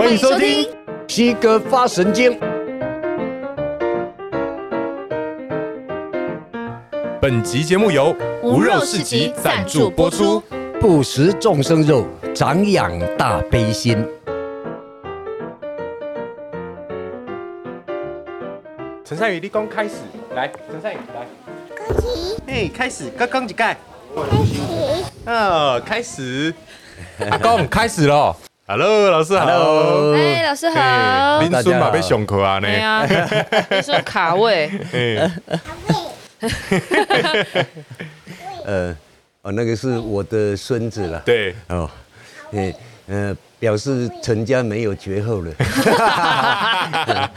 歡迎收聽收聽《西哥發神經》。本集節目由無肉市集贊助播出。不食眾生肉，長養大悲心。陳善宇立功開始，來，陳善宇，來。恭喜心。嘿，開始，剛剛幾蓋心、哦。開始。呃，開始。阿公，開始了。 Hello，老師好。哎，老師好。林孫嘛被上課啊？哎卡位。卡位。呃，哦，那個是我的孫子了。對。哦。嗯，呃，表示陳家沒有絕後了。哈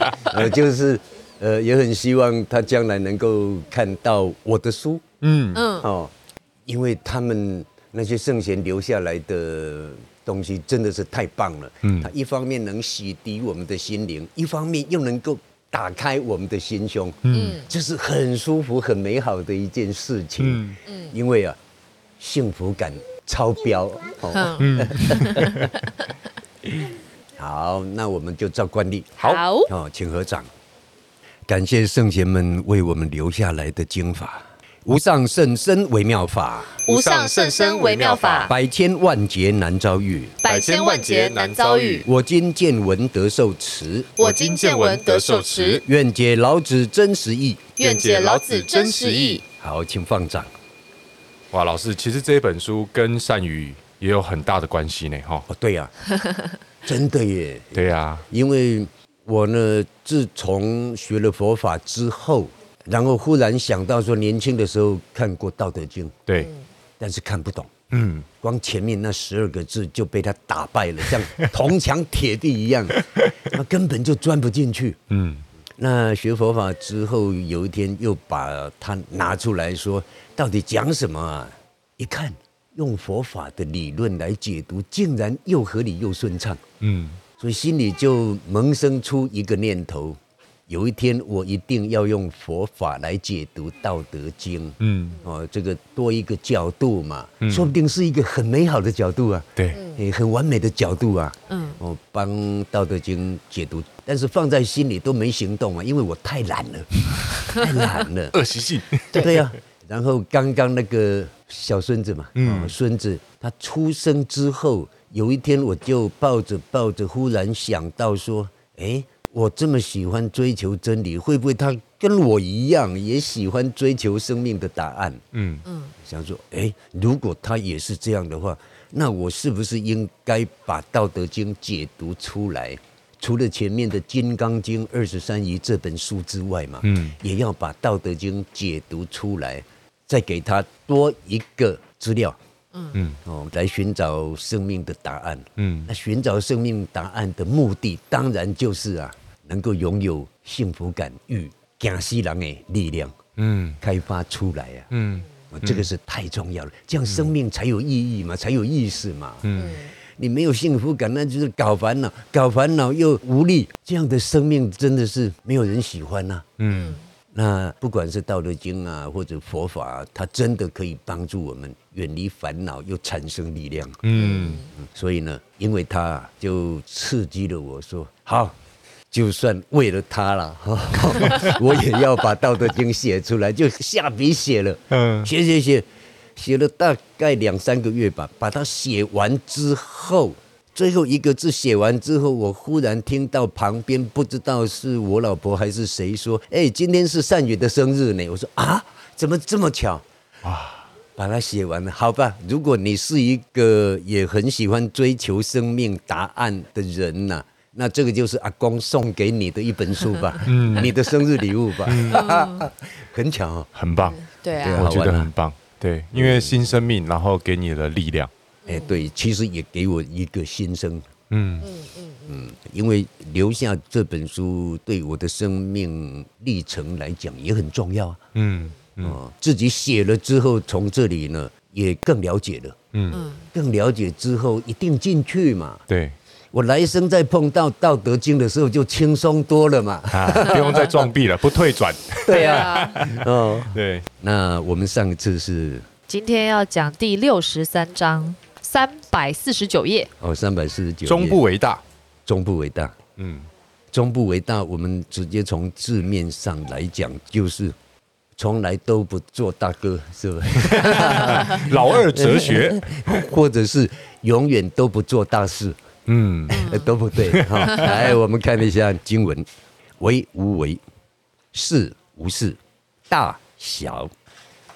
就是，呃，也很希望他將來能夠看到我的書。嗯嗯。哦，因為他們那些聖賢留下來的。東西真的是太棒了，嗯，它一方面能洗滌我們的心靈，一方面又能夠打開我們的心胸，嗯，這是很舒服、很美好的一件事情，嗯嗯，因為啊，幸福感超標，嗯嗯、好，那我們就照慣例，好哦，請合掌，好感謝聖賢們為我們留下來的經法。無上甚深微妙法，無上甚深微妙法，百千萬劫難遭遇，百千萬劫難遭遇。我今見聞得受持，我今見聞得受持，願解老子真實意，願解老子真實意。好，請放掌。哇，老師，其實這本書跟善語也有很大的關係呢，哈、哦哦。對呀、啊， 真的耶。對呀、啊，因為我呢，自從學了佛法之後。然後忽然想到說，年輕的時候看過《道德經》，對，但是看不懂。嗯，光前面那十二個字就被他打敗了，像銅牆鐵壁一樣， 他根本就鑽不進去。嗯，那學佛法之後，有一天又把它拿出來說，到底講什麼啊？一看，用佛法的理論來解讀，竟然又合理又順暢。嗯，所以心裡就萌生出一個念頭。有一天，我一定要用佛法來解讀《道德經》，哦，這個多一個角度嘛，說不定是一個很美好的角度啊，對，很完美的角度啊，我幫《道德經》解讀，但是放在心裡都沒行動啊，因為我太懶了，太懶了，惡習性，對呀。然後剛剛那個小孫子嘛，嗯，孫子他出生之後，有一天我就抱着抱着，忽然想到說，哎。我這麼喜歡追求真理，會不會他跟我一樣也喜歡追求生命的答案？嗯嗯，想說，哎，如果他也是這樣的話，那我是不是應該把《道德經》解讀出來？除了前面的《金剛經》二十三疑這本書之外嘛，嗯，也要把《道德經》解讀出來，再給他多一個資料。嗯嗯，哦，來尋找生命的答案。嗯，那尋找生命答案的目的，當然就是啊。能夠擁有幸福感與驚死人的力量，嗯，開發出來呀、啊，嗯，這個是太重要了，嗯，這樣生命才有意義嘛，嗯，才有意思嘛，嗯，你沒有幸福感，那就是搞煩惱，搞煩惱又無力，這樣的生命真的是沒有人喜歡吶、啊，嗯，那不管是道德經啊，或者佛法、啊，它真的可以幫助我們遠離煩惱，又產生力量，嗯，嗯，所以呢，因為它就刺激了我說好。就算為了他了，哈、哦，我也要把《道德經》寫出來，就下筆寫了，嗯，寫寫寫，寫了大概兩三個月吧，把它寫完之後，最後一個字寫完之後，我忽然聽到旁邊不知道是我老婆還是誰說：“哎，今天是善宇的生日呢。”我說：“啊，怎麼這麼巧？”啊，把它寫完了，好吧。如果你是一個也很喜歡追求生命答案的人呢、啊？那這個就是阿公送給你的一本書吧，嗯，你的生日禮物吧，很巧，很棒，對啊，我覺得很棒，對，因為新生命，然後給你的力量，哎，對，其實也給我一個新生，嗯嗯嗯嗯，因為留下這本書對我的生命歷程來講也很重要啊，嗯嗯，自己寫了之後，從這裡呢也更了解了，嗯，更了解之後一定進去嘛，對。我來生再碰到《道德經》的時候就輕鬆多了嘛、啊！不用再撞壁了，不退轉。對呀、啊，嗯、哦，對。那我們上一次是今天要講第六十三章三百四十九頁。頁哦，三百四十九。終不為大，終不為大，嗯，終不為大。我們直接從字面上來講，就是從來都不做大哥，是不是？ 老二哲學， 或者是永遠都不做大事。嗯，都不對哈。嗯、 來，我們看一下經文：為無為，事無事，大小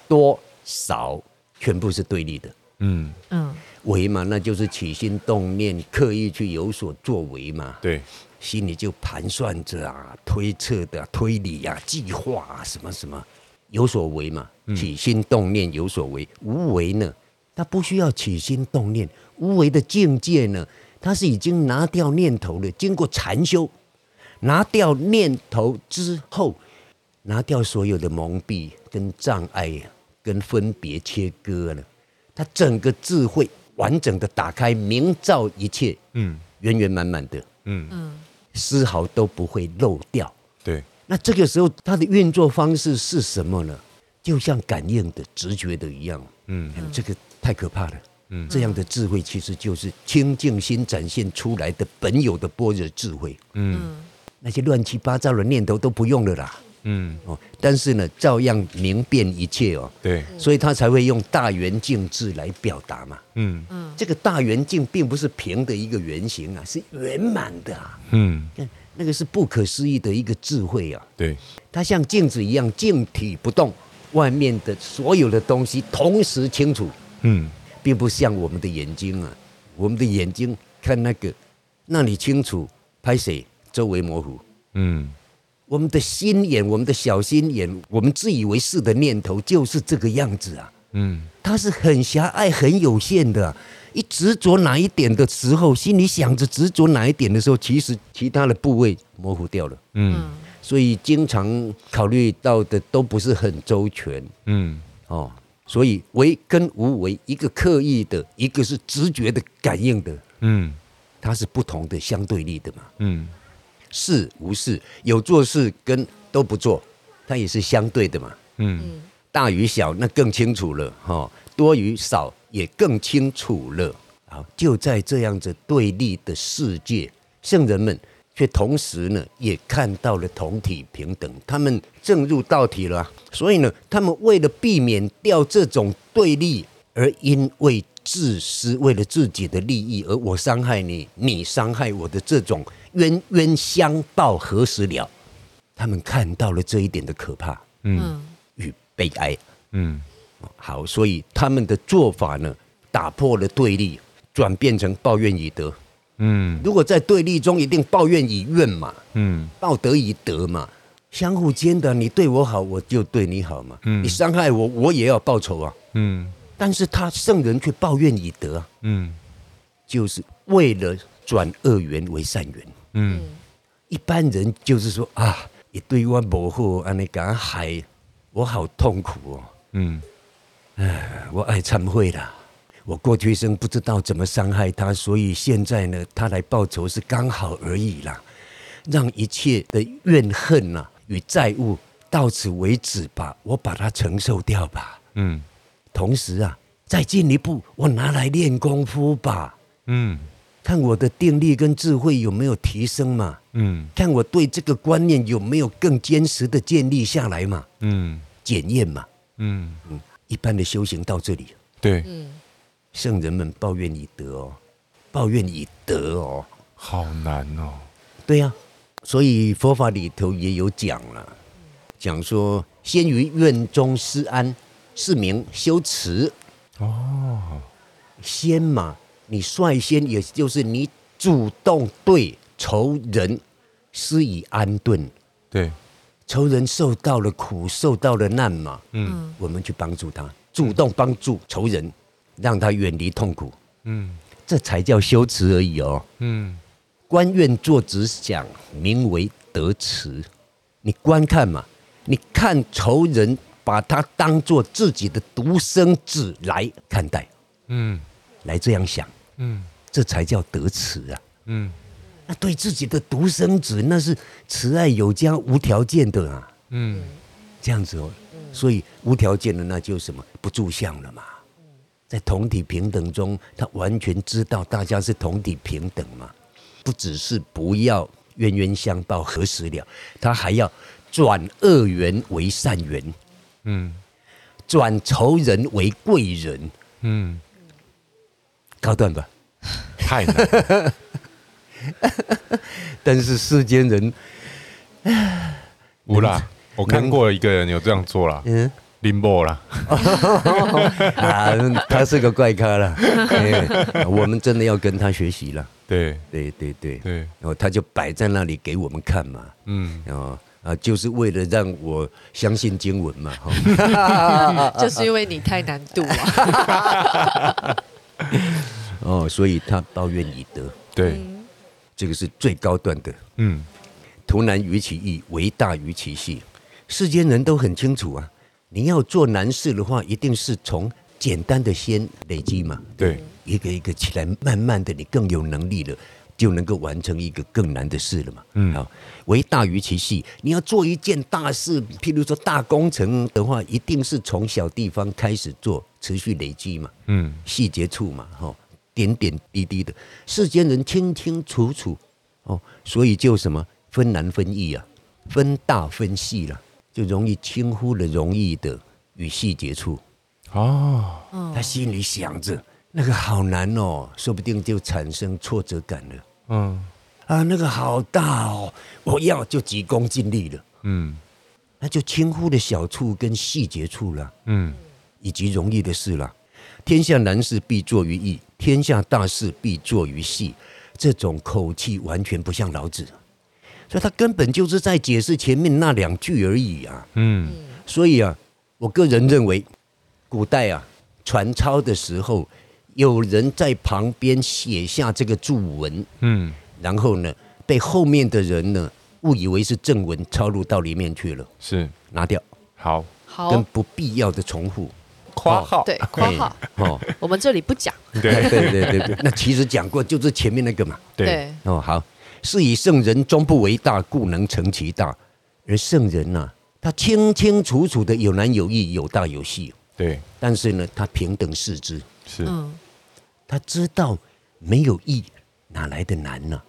多少，全部是對立的。嗯嗯，為、嗯、嘛？那就是起心動念，刻意去有所作為嘛。對，心裡就盤算着啊，推測的、啊、推理啊、計劃啊，什麼什麼，有所為嘛。起心動念有所為，嗯、無為呢？他不需要起心動念，無為的境界呢？他是已經拿掉念頭了，經過禪修，拿掉念頭之後，拿掉所有的蒙蔽跟障礙啊，跟分別切割了，他整個智慧完整地打開，明照一切，嗯，圓圓滿滿的，嗯嗯，絲毫都不會漏掉。對，那這個時候他的運作方式是什麼呢？就像感應的直覺的一樣，嗯，嗯，這個太可怕了。嗯，這樣的智慧其實就是清淨心展現出來的本有的般若智慧。嗯，那些亂七八糟的念頭都不用了啦。嗯，哦，但是呢，照樣明辨一切哦。對，所以他才會用大圓鏡智來表達嘛。嗯嗯，這個大圓鏡並不是平的一個圓形啊，是圓滿的啊。嗯，看，那個是不可思議的一個智慧啊。對，它像鏡子一樣，鏡體不動，外面的所有的東西同時清楚。嗯。並不像我們的眼睛啊，我們的眼睛看那個，那裡清楚，拍誰周圍模糊。嗯，我們的心眼，我們的小心眼，我們自以為是的念頭就是這個樣子啊。嗯，它是很狹隘、很有限的啊。一執着哪一點的時候，心裡想着執着哪一點的時候，其實其他的部位模糊掉了。嗯，所以經常考慮到的都不是很周全。嗯，哦。所以為跟無為，一個刻意的，一個是直覺的感應的，嗯，它是不同的相對立的嘛，嗯，事無事，有做事跟都不做，它也是相對的嘛，嗯，大與小那更清楚了哈，多與少也更清楚了，好，就在這樣子對立的世界，聖人們，卻同時呢，也看到了同體平等，他們正入道體了，啊。所以呢，他們為了避免掉這種對立，而因為自私，為了自己的利益，而我傷害你，你傷害我的這種冤冤相報何時了。他們看到了這一點的可怕，嗯，與悲哀，嗯，好，所以他們的做法呢，打破了對立，轉變成報怨以德。嗯，如果在對立中，一定報怨以怨嘛，嗯，報德以德嘛，相互間的你對我好，我就對你好嘛，嗯，你傷害我，我也要報仇啊，嗯，但是他聖人卻報怨以德，嗯，就是為了轉惡緣為善緣，嗯，一般人就是說啊，你對我不好，啊，你敢害我，好痛苦哦，嗯唉，我愛懺悔啦。我過去一生不知道怎麼傷害他，所以現在呢，他來報仇是剛好而已啦。讓一切的怨恨吶與債務到此為止吧，我把它承受掉吧。嗯，同時啊，再進一步，我拿來練功夫吧。嗯，看我的定力跟智慧有沒有提升嘛。嗯，看我對這個觀念有沒有更堅實的建立下來嘛。嗯，檢驗嘛。嗯嗯，一般的修行到這裡。對。嗯。聖人們報怨以德哦，報怨以德哦，好難哦。對呀、啊,所以佛法裡頭也有講了，嗯、講說，先於怨中施安，是名修慈哦。先嘛，你率先，也就是你主動對仇人施以安頓。對，仇人受到了苦，受到了難嘛，嗯，我們去幫助他，主動幫助仇人。嗯讓他遠離痛苦，嗯，這才叫修慈而已哦，嗯，觀怨作親想，名為得慈。你觀看嘛，你看仇人把他當做自己的獨生子來看待，嗯，來這樣想，嗯，這才叫得慈啊，嗯，那對自己的獨生子，那是慈愛有加、無條件的啊，嗯，這樣子哦，嗯、所以無條件的，那就什麼不住相了嘛。在同體平等中，他完全知道大家是同體平等嘛，不只是不要冤冤相報何時了，他還要轉惡緣為善緣，嗯，轉仇人為貴人，嗯，高段吧，太難，但是世間人，無啦，我看過一個人有這樣做啦。嗯。林包了，啊，他是個怪咖了，我們真的要跟他學習了。對對對對，然後他就擺在那裡給我們看嘛，嗯，然後啊，就是為了讓我相信經文嘛，哈，就是因為你太難讀了，哦，所以他報怨以德，對，這個是最高端的，嗯，圖難於其易，為大於其細，世間人都很清楚啊。你要做難事的話，一定是從簡單的先累積嘛，對，一個一個起來，慢慢的你更有能力了，就能夠完成一個更難的事了嘛。嗯，好，為大於其細。你要做一件大事，譬如說大工程的話，一定是從小地方開始做，持續累積嘛。嗯，細節處嘛，哈、哦，點點滴滴的，世間人清清楚楚，哦，所以就什麼，分難分易啊，分大分細了、啊。就容易輕忽了，容易的與細節處哦，他心裡想着那個好難哦，說不定就產生挫折感了。嗯，啊，那個好大哦，我要就急功近利了。嗯，那就輕忽了小處跟細節處了。嗯，以及容易的事了。天下難事必作於易，天下大事必作於細。這種口氣完全不像老子。所以他根本就是在解釋前面那兩句而已啊。嗯，所以啊，我個人認為，古代啊傳抄的時候，有人在旁邊寫下這個注文，嗯，然後呢，被後面的人呢誤以為是正文抄錄到裡面去了，是拿掉好，好跟不必要的重複，括號對括號哦，我們這裡不講。對對對對對，那其實講過就是前面那個嘛。對哦，好。是以聖人終不為大，故能成其大。而聖人呢、啊？他清清楚楚的有難有易，有大有細。對。但是呢，他平等視之。是。嗯、他知道沒有易，哪來的難呢、啊？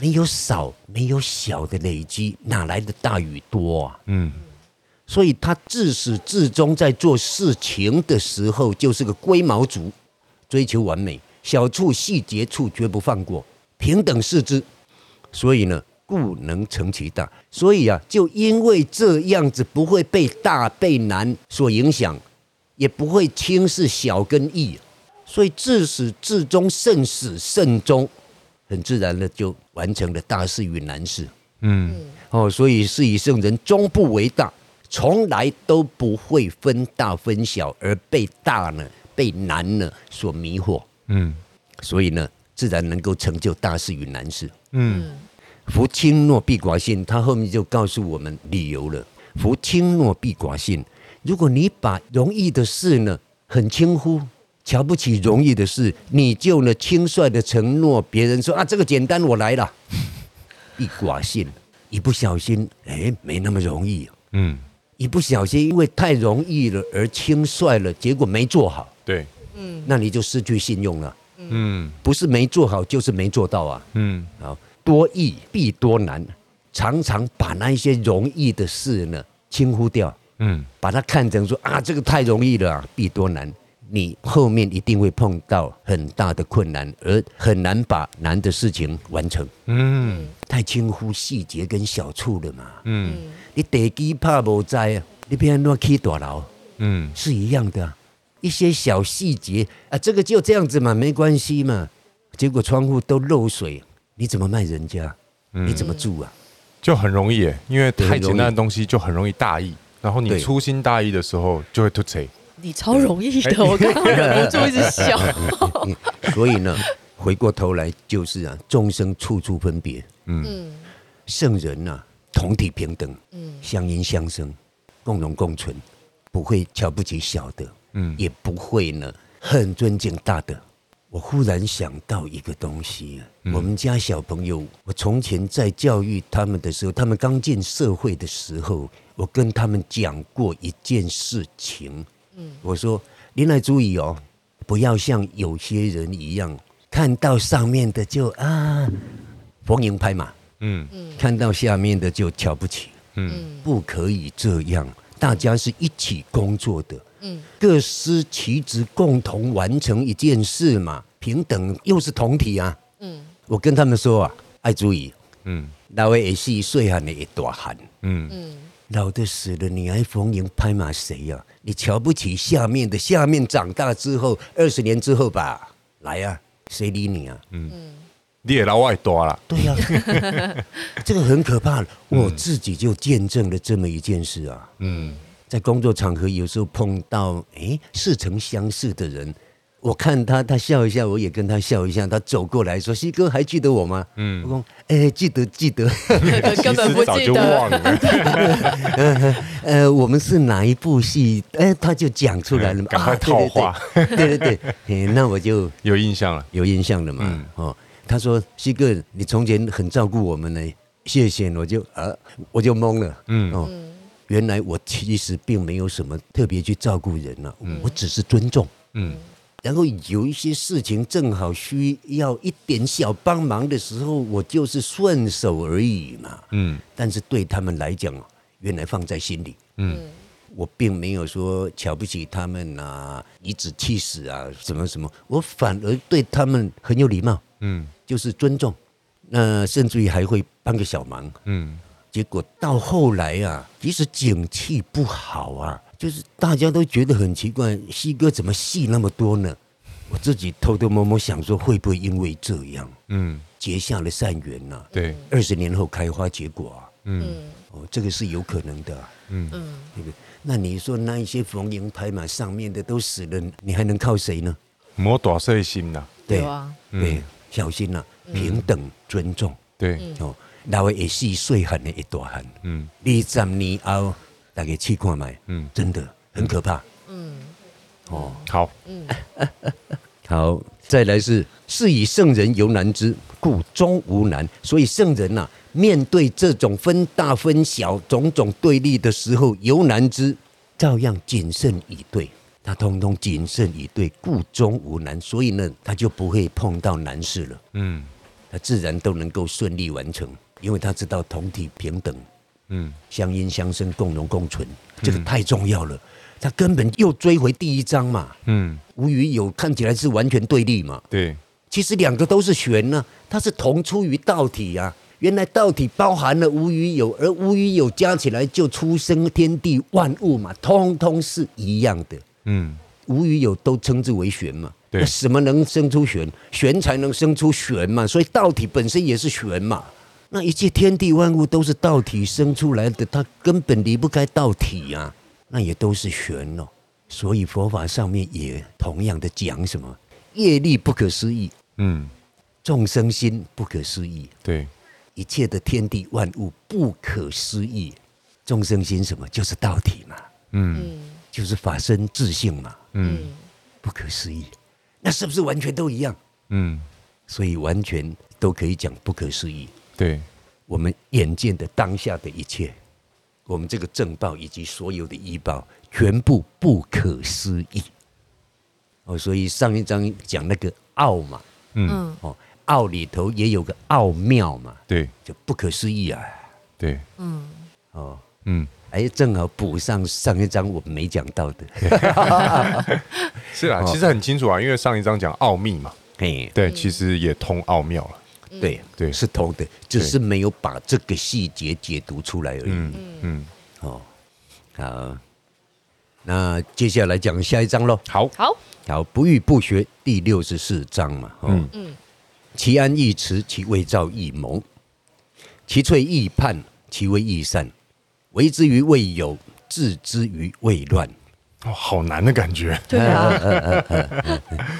沒有少，沒有小的累積，哪來的大與多啊？嗯。所以他自始至終在做事情的時候，就是個龜毛族，追求完美，小處細節處絕不放過，平等視之。所以呢，故能成其大。所以啊，就因為這樣子不會被大被難所影響，也不會輕視小跟易，所以自始至終慎始慎終，很自然的就完成了大事與難事。嗯，哦，所以是以聖人終不為大，從來都不會分大分小，而被大呢、被難呢所迷惑。嗯，所以呢，自然能夠成就大事與難事。嗯。嗯夫輕諾必寡信，他後面就告訴我們理由了。夫輕諾必寡信，如果你把容易的事呢很輕忽，瞧不起容易的事，你就呢輕率的承諾別人說啊，這個簡單我來了， 必寡信，一不小心哎，沒那麼容易，啊、嗯，一不小心因為太容易了而輕率了，結果沒做好，對，嗯，那你就失去信用了，嗯，不是沒做好就是沒做到啊，嗯，好。多易必多難，常常把那些容易的事呢輕忽掉，嗯，把它看成說啊，這個太容易了、啊，必多難，你後面一定會碰到很大的困難，而很難把難的事情完成，嗯，太輕忽細節跟小處了嘛，嗯，你地基怕無災，你偏亂起大樓，嗯，是一樣的、啊，一些小細節啊，這個就這樣子嘛，沒關係嘛，結果窗戶都漏水。你怎麼賣人家？你怎麼住啊？嗯、就很容易、欸，因為太簡單的東西就很容易大意，然後你粗心大意的時候就會吐槽。對你超容易的，欸、我剛剛忍不住一直笑。所以呢，回過頭來就是啊，眾生處處分別，嗯，聖人啊，同體平等，嗯，相因相生，共榮共存，不會瞧不起小的，嗯，也不會呢很尊敬大的。我忽然想到一個東西啊，我們家小朋友，我從前在教育他們的時候，他們剛進社會的時候，我跟他們講過一件事情。嗯，我說你來注意哦，不要像有些人一樣，看到上面的就啊逢迎拍馬，嗯，看到下面的就瞧不起，嗯，不可以這樣，大家是一起工作的。嗯、各司其職，共同完成一件事嘛。平等又是同體啊。嗯、我跟他們說啊，哎，注意，嗯，老的也是細漢啊。你大漢，嗯嗯，老的死了，你還逢迎拍馬誰呀、啊？你瞧不起下面的，下面長大之後，二十年之後吧，來呀、啊，誰理你啊？嗯，嗯你也老外多了。對呀、啊， 這個很可怕，我自己就見證了這麼一件事啊。嗯。嗯在工作場合，有時候碰到哎似曾相識的人，我看他，他笑一下，我也跟他笑一下。他走過來說：“西哥，還記得我嗎？”嗯，我講：“哎，記得，記得，根本不記得。”早就忘了、 嗯呃呃。呃，我們是哪一部戲？哎、呃，他就講出來了，嗯、趕快套話。啊、對對對，對對對嗯、那我就有印象了，有印象了嘛。嗯、哦，他說：“西哥，你從前很照顧我們呢，謝謝。”我就啊，我就懵了。嗯。哦原來我其實並沒有什麼特別去照顧人了、啊，嗯、我只是尊重。嗯，然後有一些事情正好需要一點小幫忙的時候，我就是順手而已嘛。嗯，但是對他們來講，原來放在心裡。嗯，我並沒有說瞧不起他們啊，頤指氣使啊，什麼什麼，我反而對他們很有禮貌。嗯，就是尊重，那、呃、甚至於還會幫個小忙。嗯。結果到後來啊，即使景氣不好啊，就是大家都覺得很奇怪，西哥怎麼戲那麼多呢？我自己偷偷摸摸想說，會不會因為這樣，嗯，結下了善緣吶、啊？對、嗯，二十年後開花結果啊，嗯，哦，這個是有可能的、啊，嗯嗯，那個，那你說那一些逢迎拍馬上面的都死了，你還能靠誰呢？多少色心吶，對，對啊、嗯對，對，小心吶、啊，嗯、平等尊重，嗯、對，哦。那也是歲寒的一段寒。大，嗯，二十年後大家去看嘛，嗯，真的很可怕。嗯，哦，好，嗯， 好，再來是是以聖人猶難之，故終無難。所以聖人吶、啊，面對這種分大分小種種對立的時候，猶難之，照樣謹慎以對。他通通謹慎以對，故終無難。所以呢，他就不會碰到難事了。嗯，他自然都能夠順利完成。因為他知道同體平等，嗯，相因相生，共榮共存，嗯、這個太重要了。他根本又追回第一章嘛，嗯，無與有看起來是完全對立嘛，對，其實兩個都是玄呢、啊，它是同出於道體啊。原來道體包含了無與有，而無與有加起來就出生天地萬物嘛，通通是一樣的。嗯，無與有都稱之為玄嘛，對，那什麼能生出玄？玄才能生出玄嘛，所以道體本身也是玄嘛。那一切天地萬物都是道體生出來的，它根本離不開道體啊！那也都是玄哦，所以佛法上面也同樣的講什麼業力不可思議，嗯，眾生心不可思議，對，一切的天地萬物不可思議，眾生心什麼就是道體嘛，嗯，就是法身自性嘛，嗯，不可思議，那是不是完全都一樣？嗯，所以完全都可以講不可思議。對，我們眼見的當下的一切，我們這個正報以及所有的依報，全部不可思議哦。所以上一章講那個奧嘛，嗯，哦，奧裡頭也有個奧妙嘛，對，就不可思議啊，對，嗯，哦，嗯，哎，正好補上上一章我們沒講到的， 是啊，其實很清楚啊，因為上一章講奧秘嘛，嘿、嗯，對，其實也通奧妙了。對對、嗯、是同的，對只是沒有把這個細節解讀出來而已。嗯嗯，好、嗯，好，那接下來講下一章嘍。好，好，不欲不學第六十四章嘛。嗯嗯，其安易持，其未兆易謀，其脆易判，其微易散。為之於未有，治之於未亂。哦，好難的感覺。對啊，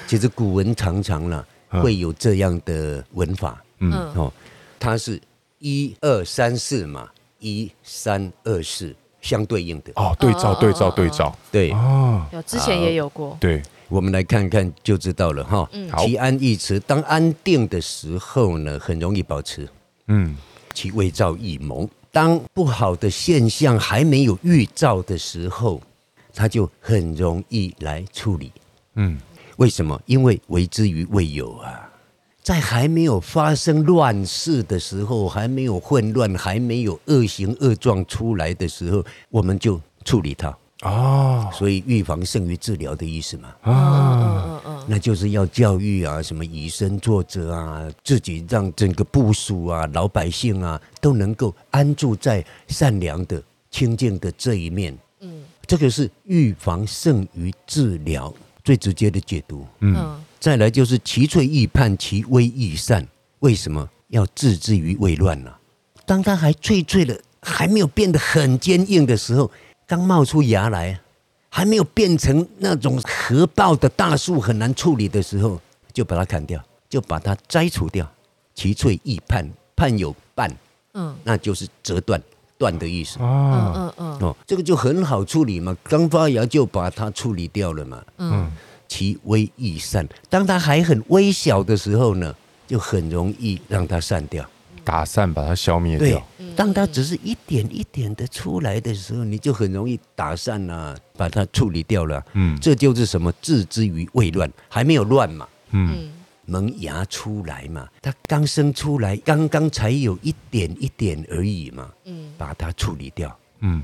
其實古文常常呢、啊。會有這樣的文法，嗯，哦，它是一二三四嘛，一三二四相對應的，哦，對照對照對照，對，哦對有，之前也有過，對，我們來看看就知道了哈。嗯，其安易持，當安定的時候呢，很容易保持，嗯，其未兆易謀，當不好的現象還沒有預兆的時候，它就很容易來處理，嗯。為什麼？因為為之於未有啊，在還沒有發生亂世的時候，還沒有混亂，還沒有惡行惡狀出來的時候，我們就處理它、哦、所以預防勝於治療的意思嘛啊，嗯嗯嗯嗯嗯、那就是要教育啊，什麼以身作則啊，自己讓整個部屬啊、老百姓啊，都能夠安住在善良的、清淨的這一面。嗯、這個是預防勝於治療。最直接的解讀，嗯，再來就是其脆易判，其微易散。為什麼要置之於未亂呢？啊？當它還脆脆的，還沒有變得很堅硬的時候，剛冒出芽來，還沒有變成那種核爆的大樹很難處理的時候，就把它砍掉，就把它摘除掉。其脆易判，判有半，嗯，那就是折斷。斷的意思啊，哦，哦，哦，哦，這個就很好處理嘛，剛發芽就把它處理掉了嘛，嗯，其微易散，當它還很微小的時候呢，就很容易讓它散掉，打散把它消滅掉。對，當它只是一點一點的出來的時候，嗯、你就很容易打散了，啊，把它處理掉了。嗯，這就是什麽，治之於未亂，還沒有亂嘛。嗯。嗯萌芽出來嘛，它剛生出來，剛剛才有一點一點而已嘛，嗯，把它處理掉，嗯，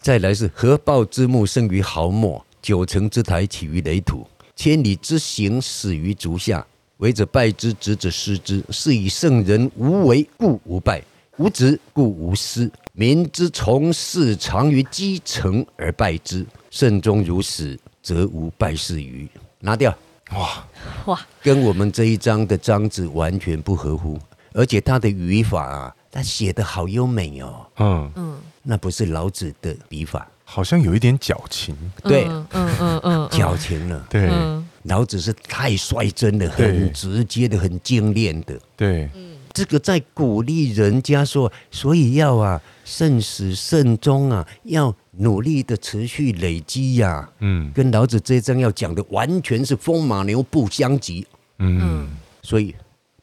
再來是“合抱之木，生於毫末；九層之台，起於壘土；千里之行，始於足下。為者敗之，執者失之。是以聖人無為，故無敗；無執，故無失。民之從事，常於幾成而敗之。慎終如始，則無敗事於。於拿掉。哇哇，跟我們這一章的章子完全不合乎，而且他的語法啊，他寫得好優美哦。嗯嗯，那不是老子的筆法，好像有一點矯情。對，嗯嗯嗯，矯情了。對，老子是太率真的，很直接的，很精煉的。對，這個在鼓勵人家說，所以要啊。慎始慎終啊，要努力的持續累積呀、啊。嗯，跟老子這一章要講的完全是風馬牛不相及。嗯，所以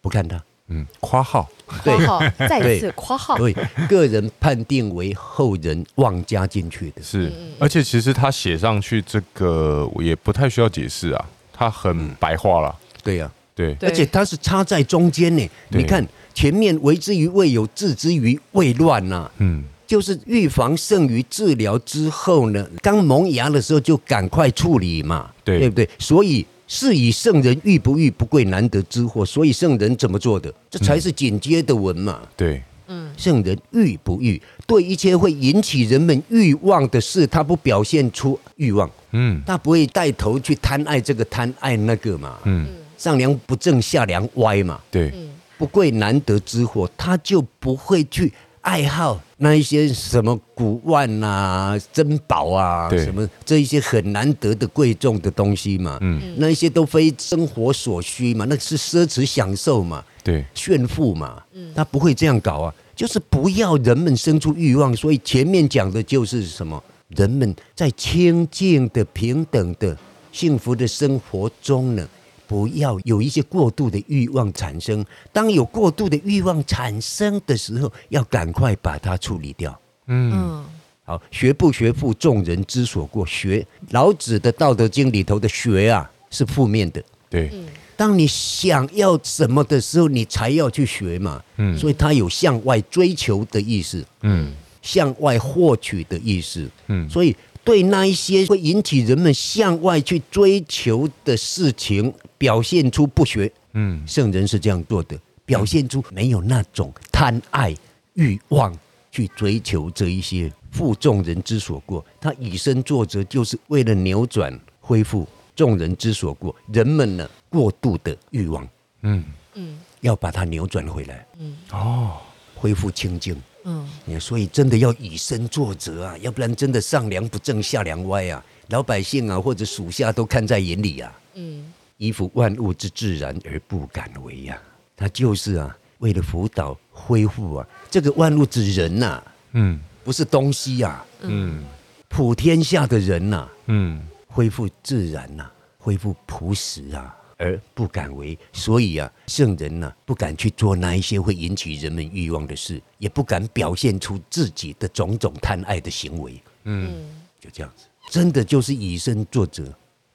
不看他，嗯，括號，括號對，再次括號。對個人判定為後人妄加進去的。是，而且其實他寫上去這個我也不太需要解釋啊，他很白話了，嗯。對呀、啊，對，對而且他是插在中間呢。對你看。前面為之於未有，治之於未亂吶。嗯，就是預防勝於治療。之後呢，剛萌芽的時候就趕快處理嘛。對，對不對？所以是以聖人欲不欲，不貴難得之貨。所以聖人怎麼做的？這才是緊接的文嘛。對，嗯，聖人欲不欲，對一切會引起人們慾望的事，他不表現出欲望。嗯，他不會帶頭去貪愛這個貪愛那個嘛。嗯，上梁不正下梁歪嘛。對。不貴難得之貨，他就不會去愛好那一些什麼古玩吶、啊、珍寶啊，對什麼這一些很難得的貴重的東西嘛。嗯，那一些都非生活所需嘛，那是奢侈享受嘛。對，炫富嘛。嗯，他不會這樣搞啊，就是不要人們生出慾望。所以前面講的就是什麼，人們在清靜的、平等的、幸福的生活中呢，不要有一些過度的慾望產生。當有過度的慾望產生的時候，要趕快把它處理掉。嗯，好，學不學，復眾人之所過。學老子的《道德經》裡頭的“學”啊，是負面的。對，嗯，當你想要什麼的時候，你才要去學嘛。嗯，所以它有向外追求的意思。嗯，向外獲取的意思。嗯，所以對那一些會引起人們向外去追求的事情。表現出不學，嗯，聖人是這樣做的。表現出沒有那種貪愛欲望，去追求這一些復眾人之所過。他以身作則，就是為了扭轉、恢復眾人之所過。人們呢，過度的欲望，嗯嗯，要把它扭轉回來，嗯哦，恢復清淨，嗯。所以，真的要以身作則啊，要不然真的上梁不正下梁歪啊，老百姓啊或者屬下都看在眼裡啊，嗯。依附萬物之自然而不敢為呀、啊，他就是啊，為了輔導恢復啊，這個萬物之人吶、啊，嗯，不是東西呀、啊，嗯，普天下的人吶、啊，嗯，恢復自然吶、啊，恢復樸實啊，而不敢為，所以啊，聖人吶、啊，不敢去做那一些會引起人們慾望的事，也不敢表現出自己的種種貪愛的行為，嗯，就這樣子，真的就是以身作則。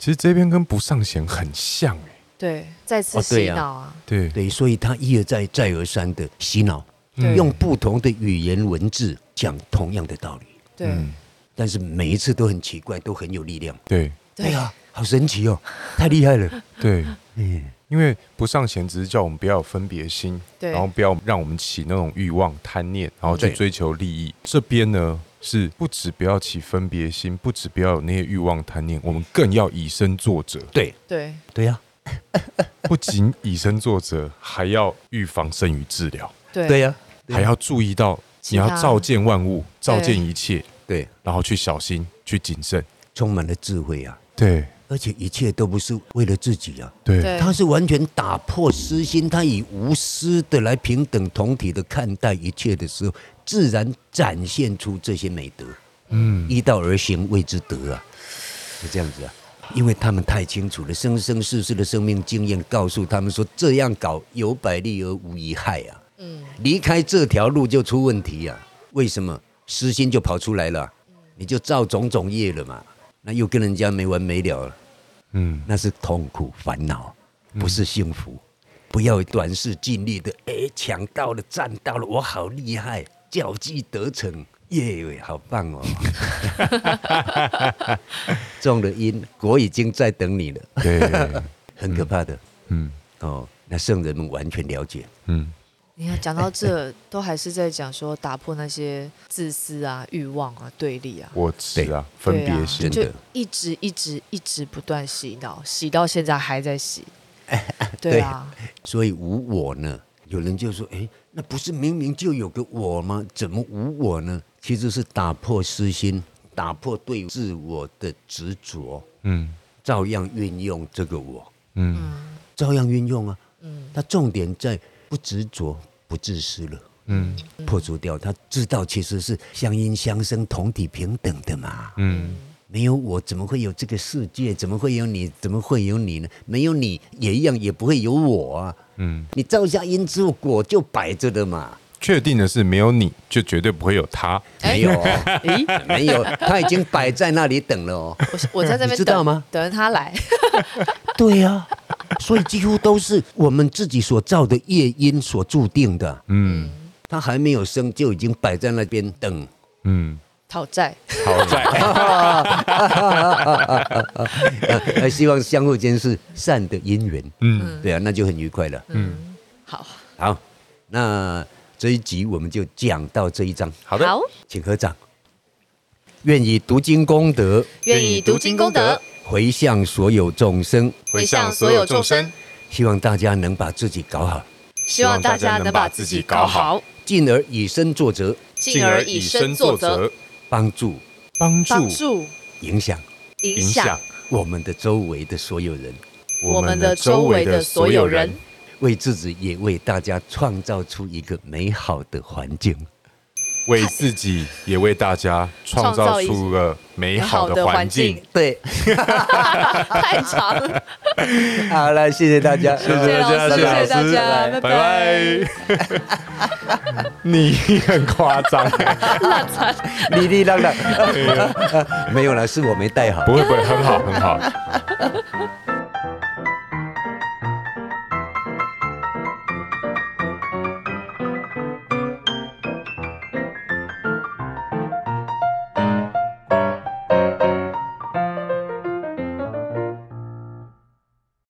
其實這邊跟不尚賢很像哎、欸啊哦啊，對，再次洗腦啊，對對，所以他一而再、再而三的洗腦，嗯、用不同的語言文字講同樣的道理，對、嗯，但是每一次都很奇怪，都很有力量，對對呀、啊，好神奇哦，太厲害了，對，嗯，因為不尚賢只是叫我們不要有分別心，對，然後不要讓我們起那種慾望、貪念，然後去追求利益，對這邊呢，是不止不要起分別心，不止不要有那些欲望貪念，我們更要以身作則。對對對呀、啊， 不僅以身作則，還要預防勝於治療。對、啊、對呀、啊，還要注意到他你要照見萬物，照見一切。對，對然後去小心，去謹慎，充滿了智慧啊。對。而且一切都不是為了自己啊！對，他是完全打破私心，他以無私的來平等同體的看待一切的時候，自然展現出這些美德。嗯，依道而行謂之德啊，是這樣子啊。因為他們太清楚了，生生世世的生命經驗告訴他們說，這樣搞有百利而無一害啊。嗯，離開這條路就出問題啊。為什麼？私心就跑出來了。你就造種種業了嘛。那又跟人家沒完沒了，了，嗯，那是痛苦煩惱，不是幸福。嗯、不要短視、近利的，哎、欸，搶到了、占到了，我好厲害，狡計得逞，耶、yeah,，好棒哦！ 中了因果，國已經在等你了，對，對，對， 很可怕的，嗯，嗯哦，那聖人們完全了解，嗯。你看，講到這，都還是在講說打破那些自私啊、慾望啊、對立啊。我對對啊，分別心的，啊、就一直一直一直不斷洗腦，洗到現在還在洗。對啊，對所以無我呢？有人就說：“哎，那不是明明就有個我嗎？怎麼無我呢？”其實是打破私心，打破對自我的執着。嗯，照樣運用這個我。嗯，照樣運用啊。嗯，它重點在不執着。不自私了，嗯，破除掉，他知道其實是相因相生，同體平等的嘛，嗯，沒有我怎麼會有這個世界？怎麼會有你？怎麼會有你呢？沒有你也一樣，也不會有我啊，嗯，你造下因之後，果就擺着的嘛。確定的是，沒有你就絕對不會有他，沒有，咦誒，沒有，他已經擺在那裡等了哦，我我在這邊，知道嗎？等，等他來。 對呀、啊，所以幾乎都是我們自己所造的業因所注定的。嗯，他還沒有生就已經擺在那邊等。嗯，討債，討債。還希望相互間是善的因緣。嗯，對啊，那就很愉快了。嗯，好，好，那這一集我們就講到這一章。好的，請合掌，願以讀經功德，願以讀經功德。迴向所有眾生，迴向所有眾生，希望大家能把自己搞好，希望大家能把自己搞好，進而以身作則，進而以身作則，幫助幫助，影響影響我們的周圍的所有人，我們的周圍的所有人，所有人為自己也為大家創造出一個美好的環境。為自己也為大家創造出了美好的環境。對，太長了。好了，謝謝大家，謝謝大家，謝謝大家，拜拜。你很誇張，浪財，你你浪。沒有了，是我沒帶好。不會不會，很好很好。